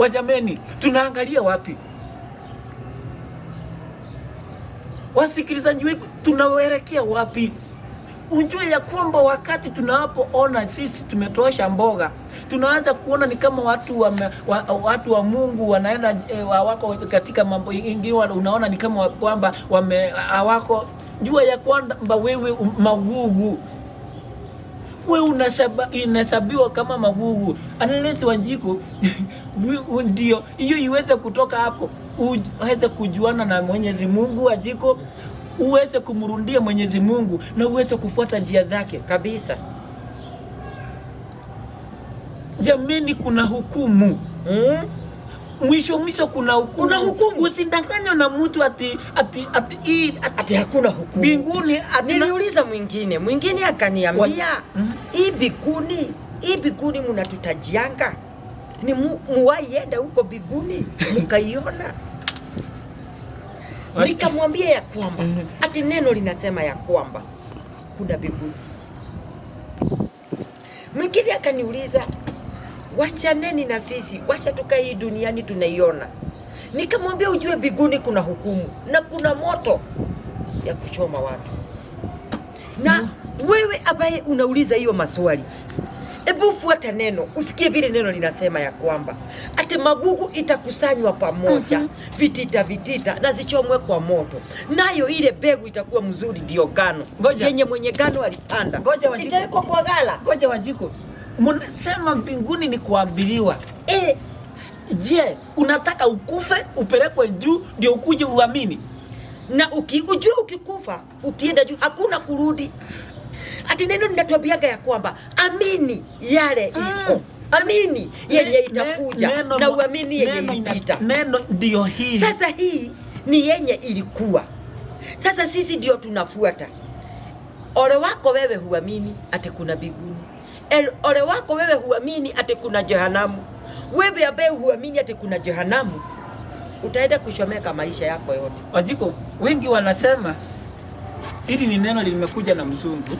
Wajameni, tunaangalia wapi? Wasikilizaji wetu tunawaelekea wapi? Unjue ya kwamba wakati tunapoona sisi tumetosha mboga, tunaanza kuona ni kama watu wa, wa, watu wa Mungu wanaenda e, eh, wako katika mambo ingine, unaona ni kama kwamba hawako jua ya kwamba wewe magugu wewe unasaba, inasabiwa kama magugu analesi Wanjiku ndio hiyo iweze kutoka hapo, uweze kujuana na Mwenyezi Mungu Wanjiko, uweze kumrundia Mwenyezi Mungu na uweze kufuata njia zake kabisa. jamini kuna hukumu hmm? mwisho mwisho kuna hukumu. Kuna hukumu. Usindanganywe na mtu ati ati ati ati, ati hakuna hukumu. Binguni niliuliza mwingine, mwingine akaniambia mm -hmm. Hii biguni hii biguni mnatutajianga. Ni muwaienda huko biguni mkaiona. Nikamwambia ya kwamba mhm. ati neno linasema ya kwamba kuna biguni Mwingine akaniuliza wachaneni na sisi, wacha tukae hii duniani tunaiona. Nikamwambia ujue, biguni kuna hukumu na kuna moto ya kuchoma watu na mm. wewe ambaye unauliza hiyo maswali, hebu fuata neno, usikie vile neno linasema ya kwamba ate magugu itakusanywa pamoja, mm -hmm. vitita vitita na zichomwe kwa moto, nayo ile begu itakuwa mzuri, ndio gano yenye mwenye gano alipanda itawekwa kwa ghala. Ngoja Wanjiko, munasema mbinguni ni kuambiliwa e. Je, unataka ukufe upelekwe juu ndio ukuje uamini? Na uki, ujue ukikufa ukienda juu hakuna kurudi. Ati neno ninatuambiaga ya kwamba amini yale ah. iko mm. Amini yenye itakuja neno, na uamini yenye ilipita. Neno ndio hii. Sasa hii ni yenye ilikuwa, sasa sisi ndio tunafuata. Ole wako wewe huamini ati kuna mbinguni El ole wako wewe huamini ati kuna jehanamu, wewe ambaye huamini ati kuna jehanamu utaenda kushomeka maisha yako yote. Wajiko wengi wanasema hili ni neno limekuja na mzungu.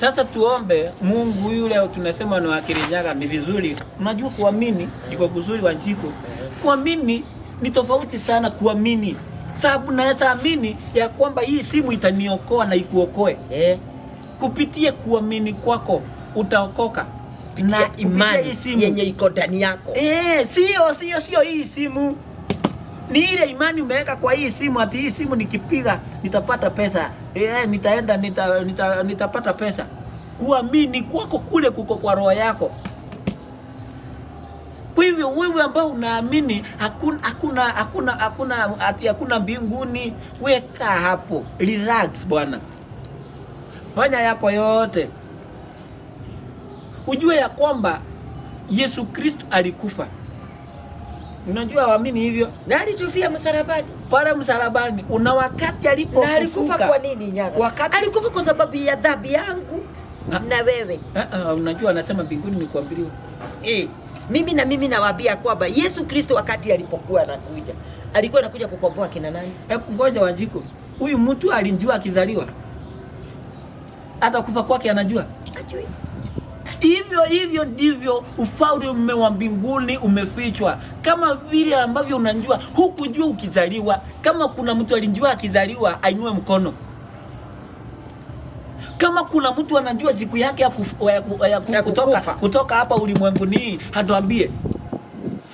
Sasa tuombe Mungu yule tunasema na wakirinyaga ni vizuri. Unajua kuamini iko kuzuri Wanjiko, kuamini ni tofauti sana kuamini, sababu naweza amini ya kwamba hii simu itaniokoa na ikuokoe, eh, kupitia kuamini kwako utaokoka na imani yenye iko ndani yako. Eh, sio sio sio hii simu ni ile imani umeweka kwa hii simu, ati hii simu nikipiga nitapata pesa e, nitaenda nita, nita, nitapata pesa. Kuamini kwako kule kuko kwa roho yako. Kwa hivyo wewe ambao unaamini hakuna hakuna hakuna hakuna ati hakuna mbinguni, weka hapo, relax bwana, fanya yako yote ujue ya kwamba Yesu Kristo alikufa. Unajua waamini hivyo, na alitufia msalabani, pale msalabani una wakati alipo. Na alikufa kwa nini nyaga? Wakati alikufa kwa sababu ya dhambi yangu na, ah. na wewe. Ah uh, unajua anasema mbinguni ni kuambiwa. eh mimi na mimi nawaambia kwamba Yesu Kristo wakati alipokuwa anakuja alikuwa anakuja kukomboa kina nani? Hebu ngoja Wanjiko, huyu mtu alinjua akizaliwa, hata kufa kwake anajua, ajui. Hivyo hivyo ndivyo ufalme wa mbinguni umefichwa, kama vile ambavyo unajua, hukujua ukizaliwa. Kama kuna mtu alijua akizaliwa ainue mkono. Kama kuna mtu anajua siku yake ya, ya, ku, ya, ku, ya kutoka, kutoka hapa ulimwenguni hatuambie.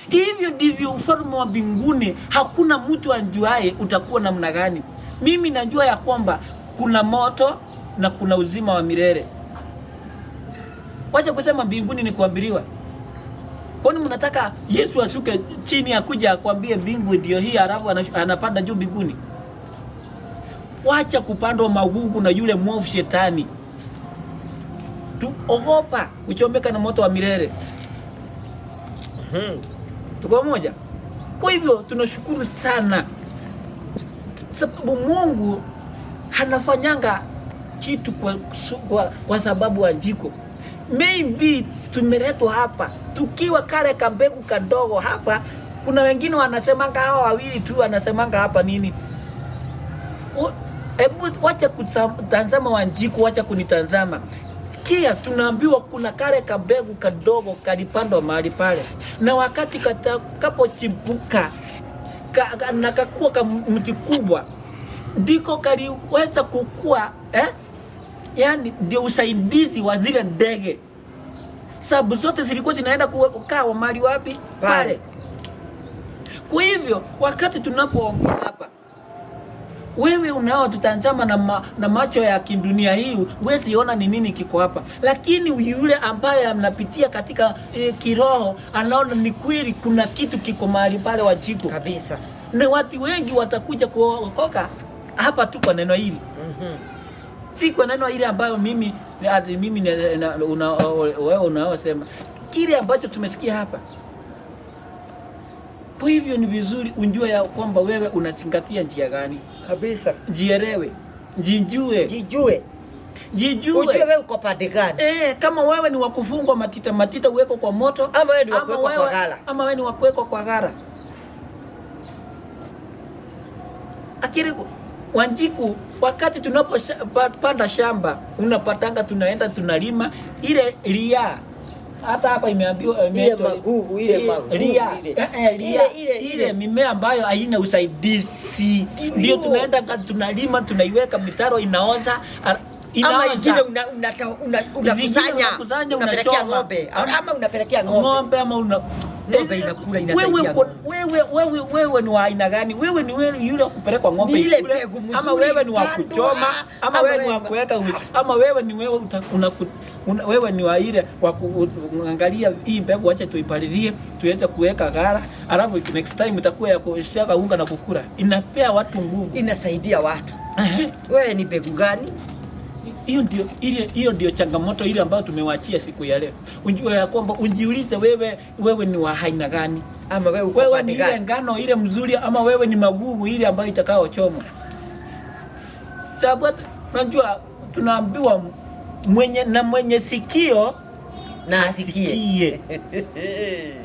Hivyo ndivyo ufalme wa mbinguni, hakuna mtu anjuae utakuwa namna gani. Mimi najua ya kwamba kuna moto na kuna uzima wa milele. Wacha kusema mbinguni ni kuambiliwa. Kwani mnataka Yesu ashuke chini akuja akwambie mbingu ndio hii, alafu anapanda juu mbinguni? Wacha kupandwa magugu na yule mwovu shetani. Tuogopa kuchomeka na moto wa milele. Mhm. Tuko moja. Kwa hivyo tunashukuru sana sababu Mungu hanafanyanga kitu kwa, kwa, kwa sababu ajiko maybe tumeletwa hapa tukiwa kale kambegu kadogo hapa. Kuna wengine wanasemanga hawa wawili tu wanasemanga hapa nini. ebu wacha kutazama Wanjiku, wacha kunitazama. kia tunaambiwa kuna kale kambegu kadogo kalipandwa mahali pale, na wakati katakapochibuka ka, na kakuwa ka mti kubwa ndiko kaliweza kukua eh? yani ndio usaidizi wa zile ndege. Sababu zote zilikuwa zinaenda kukaa mali wapi? Pale. Kwa hivyo wakati tunapoongea hapa, wewe unao tutanzama na, ma, na macho ya kidunia hii, wezi ona ni nini kiko hapa, lakini yule ambaye anapitia katika e, kiroho anaona ni kweli kuna kitu kiko mahali pale wajiko kabisa, na watu wengi watakuja kuokoka hapa tu kwa neno hili mm -hmm si kwa neno ile ambayo mimi ati mimi wewe unaosema kile ambacho tumesikia hapa. Kwa hivyo ni vizuri unjue ya kwamba wewe unazingatia njia gani kabisa, jielewe, jijue, jijue Jijue. Ujue wewe uko pande gani? Eh, kama wewe ni wakufungwa matita matita uweko kwa moto ama wewe ni wakuwekwa kwa ghala. Ama wewe ni wakuwekwa kwa ghala. Akiri Wanjiku, wakati tunapopanda shamba unapatanga, tunaenda tunalima ile ria hata hapa imeambiwa ile magugu eh, eh, ile ile ile mimea ambayo haina usaidizi, ndio tunaenda tunalima, tunaiweka mitaro inaoza ama ingine unakusanya unapelekea ng'ombe ama unapelekea ng'ombe ama una ng'ombe inakula inasaidia. Wewe wewe wewe ni wa aina gani? Wewe ni wewe yule kupelekwa ng'ombe ile pegu mzuri, ama wewe ni wa kuchoma, ama wewe ni wa kuweka, ama wewe ni wewe una wewe ni wa ile wa kuangalia hii mbegu, acha tuipalilie tuweze kuweka gara, alafu next time itakuwa ya kushaka unga na kukula. Inapea watu nguvu, inasaidia watu. Wewe ni mbegu gani? hiyo ndio ile hiyo ndio changamoto ile ambayo tumewachia siku ya leo. Unjua ya kwamba unjiulize wewe, wewe ni wa aina gani? Ama wewe uko wewe ni ile ngano ile mzuri, ama wewe ni magugu ile ambayo itakaochoma. Sababu unajua tunaambiwa mwenye na mwenye sikio na asikie.